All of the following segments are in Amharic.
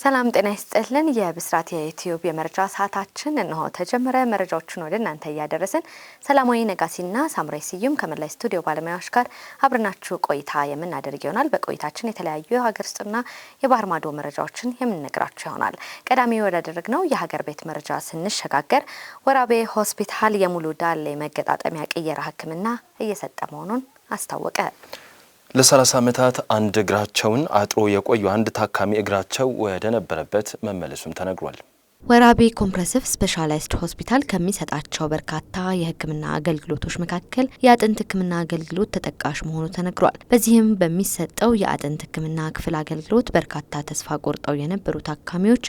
ሰላም ጤና ይስጥልን። የብስራት የዩትዩብ የመረጃ ሰዓታችን እነሆ ተጀመረ። መረጃዎችን ወደ እናንተ እያደረስን ሰላማዊ ነጋሲና ሳምራይ ስዩም ከመላይ ስቱዲዮ ባለሙያዎች ጋር አብረናችሁ ቆይታ የምናደርግ ይሆናል። በቆይታችን የተለያዩ የሀገር ውስጥና የባህር ማዶ መረጃዎችን የምንነግራችሁ ይሆናል። ቀዳሚ ወዳደረግነው የሀገር ቤት መረጃ ስንሸጋገር ወራቤ ሆስፒታል የሙሉ ዳሌ መገጣጠሚያ ቅየራ ሕክምና እየሰጠ መሆኑን አስታወቀ። ለ30 ዓመታት አንድ እግራቸውን አጥሮ የቆዩ አንድ ታካሚ እግራቸው ወደ ነበረበት መመለሱም ተነግሯል። ወራቤ ኮምፕረሲቭ ስፔሻላይዝድ ሆስፒታል ከሚሰጣቸው በርካታ የሕክምና አገልግሎቶች መካከል የአጥንት ሕክምና አገልግሎት ተጠቃሽ መሆኑ ተነግሯል። በዚህም በሚሰጠው የአጥንት ሕክምና ክፍል አገልግሎት በርካታ ተስፋ ቆርጠው የነበሩ ታካሚዎች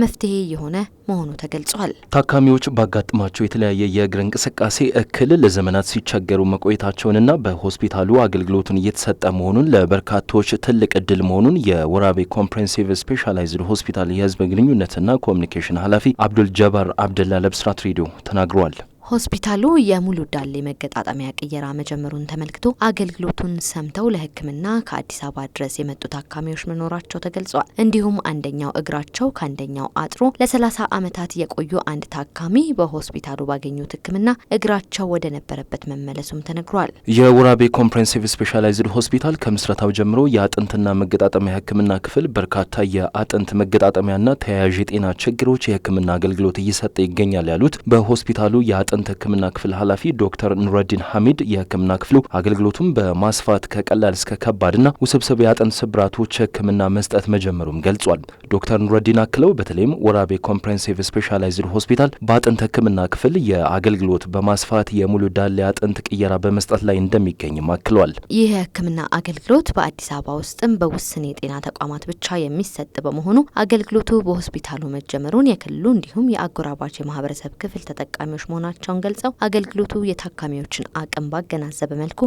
መፍትሄ የሆነ መሆኑ ተገልጿል። ታካሚዎች ባጋጥማቸው የተለያየ የእግር እንቅስቃሴ እክል ለዘመናት ሲቸገሩ መቆየታቸውንና በሆስፒታሉ አገልግሎቱን እየተሰጠ መሆኑን ለበርካቶች ትልቅ እድል መሆኑን የወራቤ ኮምፕሬንሲቭ ስፔሻላይዝድ ሆስፒታል የህዝብ ግንኙነትና ኮሚኒኬሽን ኃላፊ አብዱል ጀባር አብደላ ለብስራት ሬዲዮ ተናግረዋል። ሆስፒታሉ የሙሉ ዳሌ መገጣጠሚያ ቅየራ መጀመሩን ተመልክቶ አገልግሎቱን ሰምተው ለሕክምና ከአዲስ አበባ ድረስ የመጡ ታካሚዎች መኖራቸው ተገልጿል። እንዲሁም አንደኛው እግራቸው ከአንደኛው አጥሮ ለሰላሳ ዓመታት የቆዩ አንድ ታካሚ በሆስፒታሉ ባገኙት ሕክምና እግራቸው ወደ ነበረበት መመለሱም ተነግሯል። የወራቤ ኮምፕሬንሲቭ ስፔሻላይዝድ ሆስፒታል ከምስረታው ጀምሮ የአጥንትና መገጣጠሚያ ሕክምና ክፍል በርካታ የአጥንት መገጣጠሚያና ተያያዥ የጤና ችግሮች የሕክምና አገልግሎት እየሰጠ ይገኛል ያሉት በሆስፒታሉ የአጥንት የጥንት ህክምና ክፍል ኃላፊ ዶክተር ኑረዲን ሐሚድ የህክምና ክፍሉ አገልግሎቱም በማስፋት ከቀላል እስከ ከባድና ውስብስብ የአጥንት ስብራቶች ህክምና መስጠት መጀመሩም ገልጿል። ዶክተር ኑረዲን አክለው በተለይም ወራቤ ኮምፕሬንሲቭ ስፔሻላይዝድ ሆስፒታል በአጥንት ህክምና ክፍል የአገልግሎት በማስፋት የሙሉ ዳሌ አጥንት ቅየራ በመስጠት ላይ እንደሚገኝም አክለዋል። ይህ የህክምና አገልግሎት በአዲስ አበባ ውስጥም በውስን የጤና ተቋማት ብቻ የሚሰጥ በመሆኑ አገልግሎቱ በሆስፒታሉ መጀመሩን የክልሉ እንዲሁም የአጎራባች የማህበረሰብ ክፍል ተጠቃሚዎች መሆናቸው መሆናቸውን ገልጸው አገልግሎቱ የታካሚዎችን አቅም ባገናዘበ መልኩ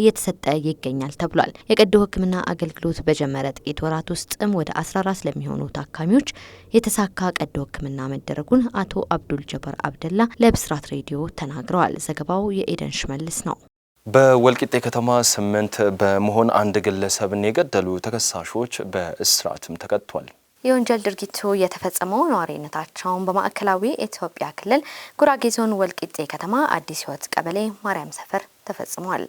እየተሰጠ ይገኛል ተብሏል። የቀዶ ሕክምና አገልግሎት በጀመረ ጥቂት ወራት ውስጥም ወደ 14 ለሚሆኑ ታካሚዎች የተሳካ ቀዶ ሕክምና መደረጉን አቶ አብዱል ጀበር አብደላ ለብስራት ሬዲዮ ተናግረዋል። ዘገባው የኤደን ሽመልስ ነው። በወልቂጤ ከተማ ስምንት በመሆን አንድ ግለሰብን የገደሉ ተከሳሾች በእስራትም ተቀጥቷል። የወንጀል ድርጊቱ የተፈጸመው ነዋሪነታቸውን በማዕከላዊ ኢትዮጵያ ክልል ጉራጌ ዞን ወልቂጤ ከተማ አዲስ ሕይወት ቀበሌ ማርያም ሰፈር ተፈጽሟል።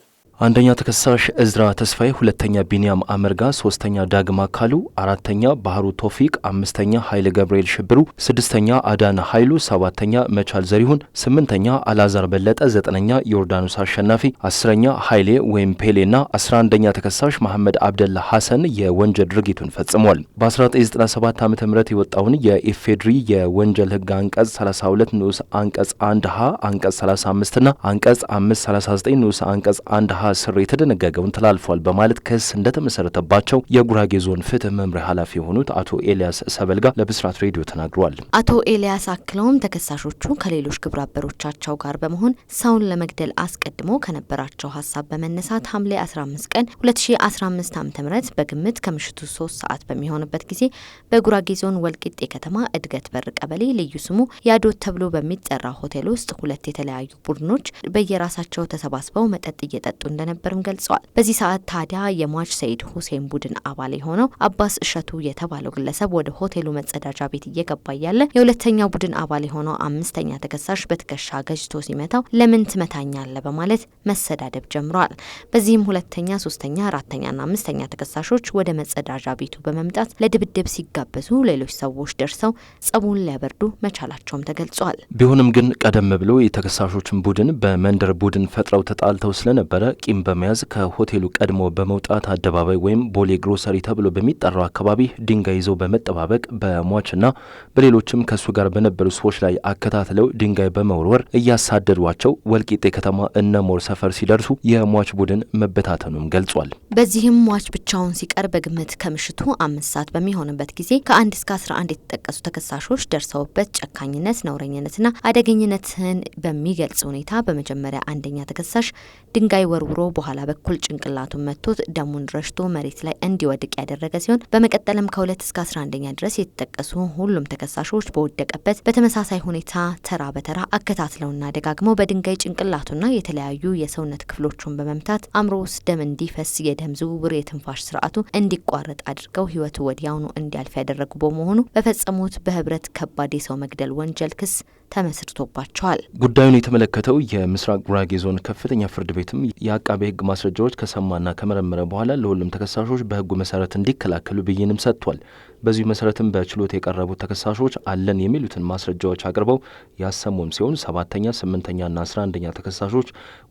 አንደኛ ተከሳሽ እዝራ ተስፋዬ፣ ሁለተኛ ቢንያም አመርጋ፣ ሶስተኛ ዳግማ ካሉ፣ አራተኛ ባህሩ ቶፊቅ፣ አምስተኛ ኃይለ ገብርኤል ሽብሩ፣ ስድስተኛ አዳነ ኃይሉ፣ ሰባተኛ መቻል ዘሪሁን፣ ስምንተኛ አላዛር በለጠ፣ ዘጠነኛ ዮርዳኖስ አሸናፊ፣ አስረኛ ኃይሌ ወይም ና አስራ አንደኛ ተከሳሽ መሐመድ አብደላ ሐሰን የወንጀል ድርጊቱን ፈጽሟል። በ1997 ዓ ም የወጣውን የኢፌድሪ የወንጀል ህግ አንቀጽ 32 ንዑስ አንቀጽ 1 ሀ አንቀጽ 35 ና አንቀጽ 539 ንዑስ አንቀጽ 1 ሀ አሃዝ ስር የተደነገገውን ተላልፏል በማለት ክስ እንደተመሰረተባቸው የጉራጌ ዞን ፍትህ መምሪያ ኃላፊ የሆኑት አቶ ኤልያስ ሰበልጋ ለብስራት ሬዲዮ ተናግረዋል። አቶ ኤልያስ አክለውም ተከሳሾቹ ከሌሎች ግብረ አበሮቻቸው ጋር በመሆን ሰውን ለመግደል አስቀድሞ ከነበራቸው ሀሳብ በመነሳት ሐምሌ 15 ቀን 2015 ዓ ም በግምት ከምሽቱ 3 ሰዓት በሚሆንበት ጊዜ በጉራጌ ዞን ወልቂጤ ከተማ እድገት በር ቀበሌ ልዩ ስሙ ያዶት ተብሎ በሚጠራ ሆቴል ውስጥ ሁለት የተለያዩ ቡድኖች በየራሳቸው ተሰባስበው መጠጥ እየጠጡ እንደነበርም ገልጸዋል። በዚህ ሰዓት ታዲያ የሟች ሰይድ ሁሴን ቡድን አባል የሆነው አባስ እሸቱ የተባለው ግለሰብ ወደ ሆቴሉ መጸዳጃ ቤት እየገባ እያለ የሁለተኛ ቡድን አባል የሆነው አምስተኛ ተከሳሽ በትከሻ ገጭቶ ሲመታው ለምን አለ በማለት መሰዳደብ ጀምረዋል። በዚህም ሁለተኛ፣ ሶስተኛ፣ አራተኛና አምስተኛ ተከሳሾች ወደ መጸዳጃ ቤቱ በመምጣት ለድብድብ ሲጋበዙ ሌሎች ሰዎች ደርሰው ጸቡን ሊያበርዱ መቻላቸውም ተገልጿል። ቢሆንም ግን ቀደም ብሎ የተከሳሾችን ቡድን በመንደር ቡድን ፈጥረው ተጣልተው ስለነበረ ቂም በመያዝ ከሆቴሉ ቀድሞ በመውጣት አደባባይ ወይም ቦሌ ግሮሰሪ ተብሎ በሚጠራው አካባቢ ድንጋይ ይዘው በመጠባበቅ በሟችና በሌሎችም ከእሱ ጋር በነበሩ ሰዎች ላይ አከታትለው ድንጋይ በመወርወር እያሳደዷቸው ወልቂጤ ከተማ እነሞር ሰፈር ሲደርሱ የሟች ቡድን መበታተኑም ገልጿል። በዚህም ሟች ብቻውን ሲቀር በግምት ከምሽቱ አምስት ሰዓት በሚሆንበት ጊዜ ከአንድ እስከ አስራ አንድ የተጠቀሱ ተከሳሾች ደርሰውበት ጨካኝነት፣ ነውረኝነትና አደገኝነትን በሚገልጽ ሁኔታ በመጀመሪያ አንደኛ ተከሳሽ ድንጋይ ወርወ ተሰውሮ በኋላ በኩል ጭንቅላቱን መትቶት ደሙን ረሽቶ መሬት ላይ እንዲወድቅ ያደረገ ሲሆን በመቀጠልም ከሁለት እስከ አስራ አንደኛ ድረስ የተጠቀሱ ሁሉም ተከሳሾች በወደቀበት በተመሳሳይ ሁኔታ ተራ በተራ አከታትለውና ደጋግመው በድንጋይ ጭንቅላቱና የተለያዩ የሰውነት ክፍሎቹን በመምታት አእምሮ ውስጥ ደም እንዲፈስ የደም ዝውውር የትንፋሽ ስርዓቱ እንዲቋረጥ አድርገው ህይወቱ ወዲያውኑ እንዲያልፍ ያደረጉ በመሆኑ በፈጸሙት በህብረት ከባድ የሰው መግደል ወንጀል ክስ ተመስርቶባቸዋል። ጉዳዩን የተመለከተው የምስራቅ ጉራጌ ዞን ከፍተኛ ፍርድ ቤትም የአቃቤ ሕግ ማስረጃዎች ከሰማና ከመረመረ በኋላ ለሁሉም ተከሳሾች በሕጉ መሰረት እንዲከላከሉ ብይንም ሰጥቷል። በዚህ መሰረትም በችሎት የቀረቡት ተከሳሾች አለን የሚሉትን ማስረጃዎች አቅርበው ያሰሙም ሲሆን ሰባተኛ ስምንተኛና አስራ አንደኛ ተከሳሾች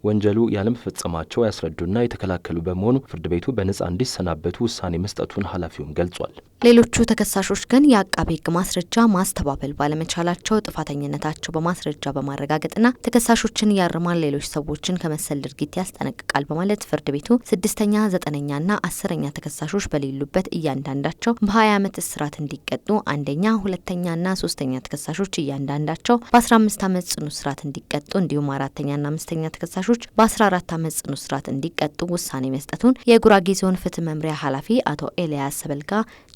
ወንጀሉ ያለመፈጸማቸው ያስረዱና የተከላከሉ በመሆኑ ፍርድ ቤቱ በነጻ እንዲሰናበቱ ውሳኔ መስጠቱን ኃላፊውም ገልጿል። ሌሎቹ ተከሳሾች ግን የአቃቤ ሕግ ማስረጃ ማስተባበል ባለመቻላቸው ጥፋተኝነታቸው በማስረጃ በማረጋገጥና ተከሳሾችን ያርማል፣ ሌሎች ሰዎችን ከመሰል ድርጊት ያስጠነቅቃል በማለት ፍርድ ቤቱ ስድስተኛ ዘጠነኛና አስረኛ ተከሳሾች በሌሉበት እያንዳንዳቸው በሀያ ዓመት እስራት እንዲቀጡ አንደኛ፣ ሁለተኛና ሶስተኛ ተከሳሾች እያንዳንዳቸው በ15 ዓመት ጽኑ እስራት እንዲቀጡ እንዲሁም አራተኛና አምስተኛ ተከሳሾች በ14 ዓመት ጽኑ እስራት እንዲቀጡ ውሳኔ መስጠቱን የጉራጌ ዞን ፍትህ መምሪያ ኃላፊ አቶ ኤልያስ ሰበልጋ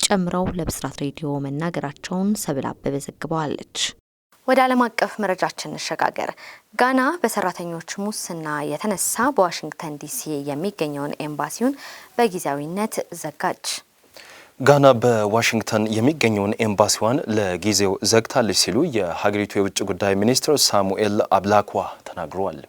ጨምረው ለብስራት ሬዲዮ መናገራቸውን ሰብል አበበ ዘግበዋለች። ወደ ዓለም አቀፍ መረጃችን እንሸጋገር። ጋና በሰራተኞች ሙስና የተነሳ በዋሽንግተን ዲሲ የሚገኘውን ኤምባሲውን በጊዜያዊነት ዘጋች። ጋና በዋሽንግተን የሚገኘውን ኤምባሲዋን ለጊዜው ዘግታለች ሲሉ የሀገሪቱ የውጭ ጉዳይ ሚኒስትር ሳሙኤል አብላክዋ ተናግረዋል።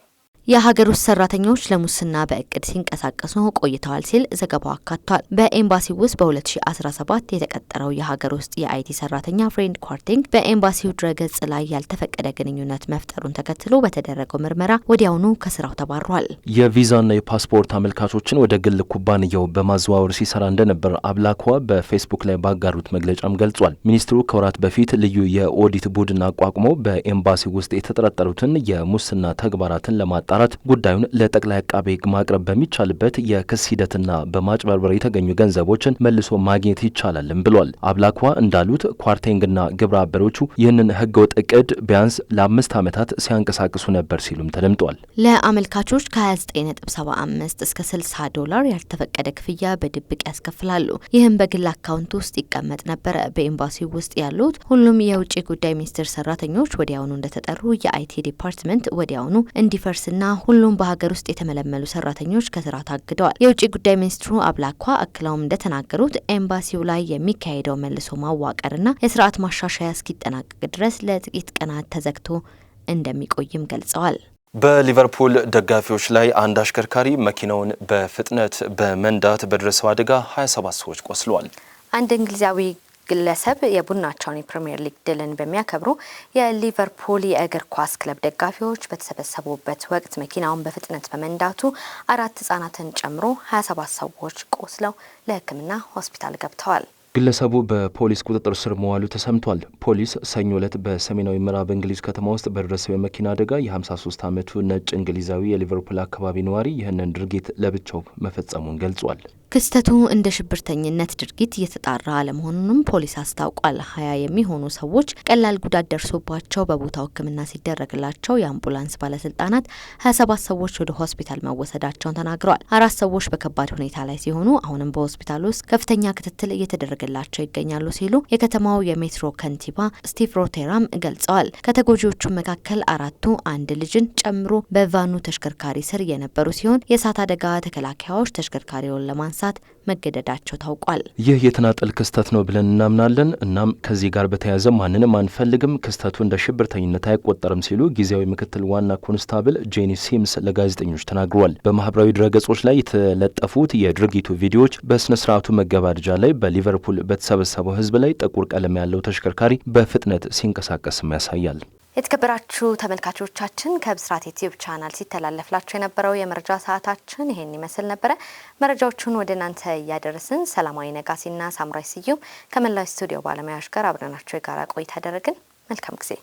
የሀገር ውስጥ ሰራተኞች ለሙስና በእቅድ ሲንቀሳቀሱ ቆይተዋል ሲል ዘገባው አካቷል። በኤምባሲ ውስጥ በ2017 የተቀጠረው የሀገር ውስጥ የአይቲ ሰራተኛ ፍሬንድ ኳርቲንግ በኤምባሲው ድረገጽ ላይ ያልተፈቀደ ግንኙነት መፍጠሩን ተከትሎ በተደረገው ምርመራ ወዲያውኑ ከስራው ተባሯል። የቪዛና የፓስፖርት አመልካቾችን ወደ ግል ኩባንያው በማዘዋወር ሲሰራ እንደነበር አብላኳ በፌስቡክ ላይ ባጋሩት መግለጫም ገልጿል። ሚኒስትሩ ከወራት በፊት ልዩ የኦዲት ቡድን አቋቁሞ በኤምባሲ ውስጥ የተጠረጠሩትን የሙስና ተግባራትን ለማጣ ባለስልጣናት ጉዳዩን ለጠቅላይ አቃቤ ሕግ ማቅረብ በሚቻልበት የክስ ሂደትና በማጭበርበር የተገኙ ገንዘቦችን መልሶ ማግኘት ይቻላልም ብሏል። አብላኳ እንዳሉት ኳርቴንግና ግብረ አበሮቹ ይህንን ህገወጥ እቅድ ቢያንስ ለአምስት ዓመታት ሲያንቀሳቅሱ ነበር ሲሉም ተደምጧል። ለአመልካቾች ከ29.75 እስከ 60 ዶላር ያልተፈቀደ ክፍያ በድብቅ ያስከፍላሉ። ይህም በግል አካውንት ውስጥ ይቀመጥ ነበረ። በኤምባሲ ውስጥ ያሉት ሁሉም የውጭ ጉዳይ ሚኒስቴር ሰራተኞች ወዲያውኑ እንደተጠሩ የአይቲ ዲፓርትመንት ወዲያውኑ እንዲፈርስና ና ሁሉም በሀገር ውስጥ የተመለመሉ ሰራተኞች ከስራ ታግደዋል። የውጭ ጉዳይ ሚኒስትሩ አብላኳ አክለውም እንደተናገሩት ኤምባሲው ላይ የሚካሄደው መልሶ ማዋቀር ና የስርዓት ማሻሻያ እስኪጠናቀቅ ድረስ ለጥቂት ቀናት ተዘግቶ እንደሚቆይም ገልጸዋል። በሊቨርፑል ደጋፊዎች ላይ አንድ አሽከርካሪ መኪናውን በፍጥነት በመንዳት በደረሰው አደጋ 27 ሰዎች ቆስለዋል። አንድ እንግሊዛዊ ግለሰብ የቡናቸውን የፕሪምየር ሊግ ድልን በሚያከብሩ የሊቨርፑል የእግር ኳስ ክለብ ደጋፊዎች በተሰበሰቡበት ወቅት መኪናውን በፍጥነት በመንዳቱ አራት ህጻናትን ጨምሮ 27 ሰዎች ቆስለው ለሕክምና ሆስፒታል ገብተዋል። ግለሰቡ በፖሊስ ቁጥጥር ስር መዋሉ ተሰምቷል። ፖሊስ ሰኞ ዕለት በሰሜናዊ ምዕራብ እንግሊዝ ከተማ ውስጥ በደረሰው የመኪና አደጋ የ53 ዓመቱ ነጭ እንግሊዛዊ የሊቨርፑል አካባቢ ነዋሪ ይህንን ድርጊት ለብቻው መፈጸሙን ገልጿል። ክስተቱ እንደ ሽብርተኝነት ድርጊት እየተጣራ አለመሆኑንም ፖሊስ አስታውቋል። ሀያ የሚሆኑ ሰዎች ቀላል ጉዳት ደርሶባቸው በቦታው ሕክምና ሲደረግላቸው የአምቡላንስ ባለስልጣናት ሀያ ሰባት ሰዎች ወደ ሆስፒታል መወሰዳቸውን ተናግረዋል። አራት ሰዎች በከባድ ሁኔታ ላይ ሲሆኑ አሁንም በሆስፒታል ውስጥ ከፍተኛ ክትትል እየተደረገላቸው ይገኛሉ ሲሉ የከተማው የሜትሮ ከንቲባ ስቲቭ ሮቴራም ገልጸዋል። ከተጎጂዎቹ መካከል አራቱ አንድ ልጅን ጨምሮ በቫኑ ተሽከርካሪ ስር የነበሩ ሲሆን የእሳት አደጋ ተከላካዮች ተሽከርካሪውን ለማንሳት ለመነሳት መገደዳቸው ታውቋል። ይህ የተናጠል ክስተት ነው ብለን እናምናለን። እናም ከዚህ ጋር በተያያዘ ማንንም አንፈልግም፣ ክስተቱ እንደ ሽብርተኝነት አይቆጠርም ሲሉ ጊዜያዊ ምክትል ዋና ኮንስታብል ጄኒ ሲምስ ለጋዜጠኞች ተናግሯል። በማህበራዊ ድረገጾች ላይ የተለጠፉት የድርጊቱ ቪዲዮዎች በስነ ስርዓቱ መገባደጃ ላይ በሊቨርፑል በተሰበሰበው ህዝብ ላይ ጥቁር ቀለም ያለው ተሽከርካሪ በፍጥነት ሲንቀሳቀስም ያሳያል። የተከበራችሁ ተመልካቾቻችን ከብስራት ዩቲዩብ ቻናል ሲተላለፍላችሁ የነበረው የመረጃ ሰዓታችን ይሄን ይመስል ነበረ። መረጃዎቹን ወደ እናንተ እያደረስን ሰላማዊ ነጋሲና ሳምራይ ስዩም ከመላው ስቱዲዮ ባለሙያዎች ጋር አብረናቸው የጋራ ቆይታ ያደረግን። መልካም ጊዜ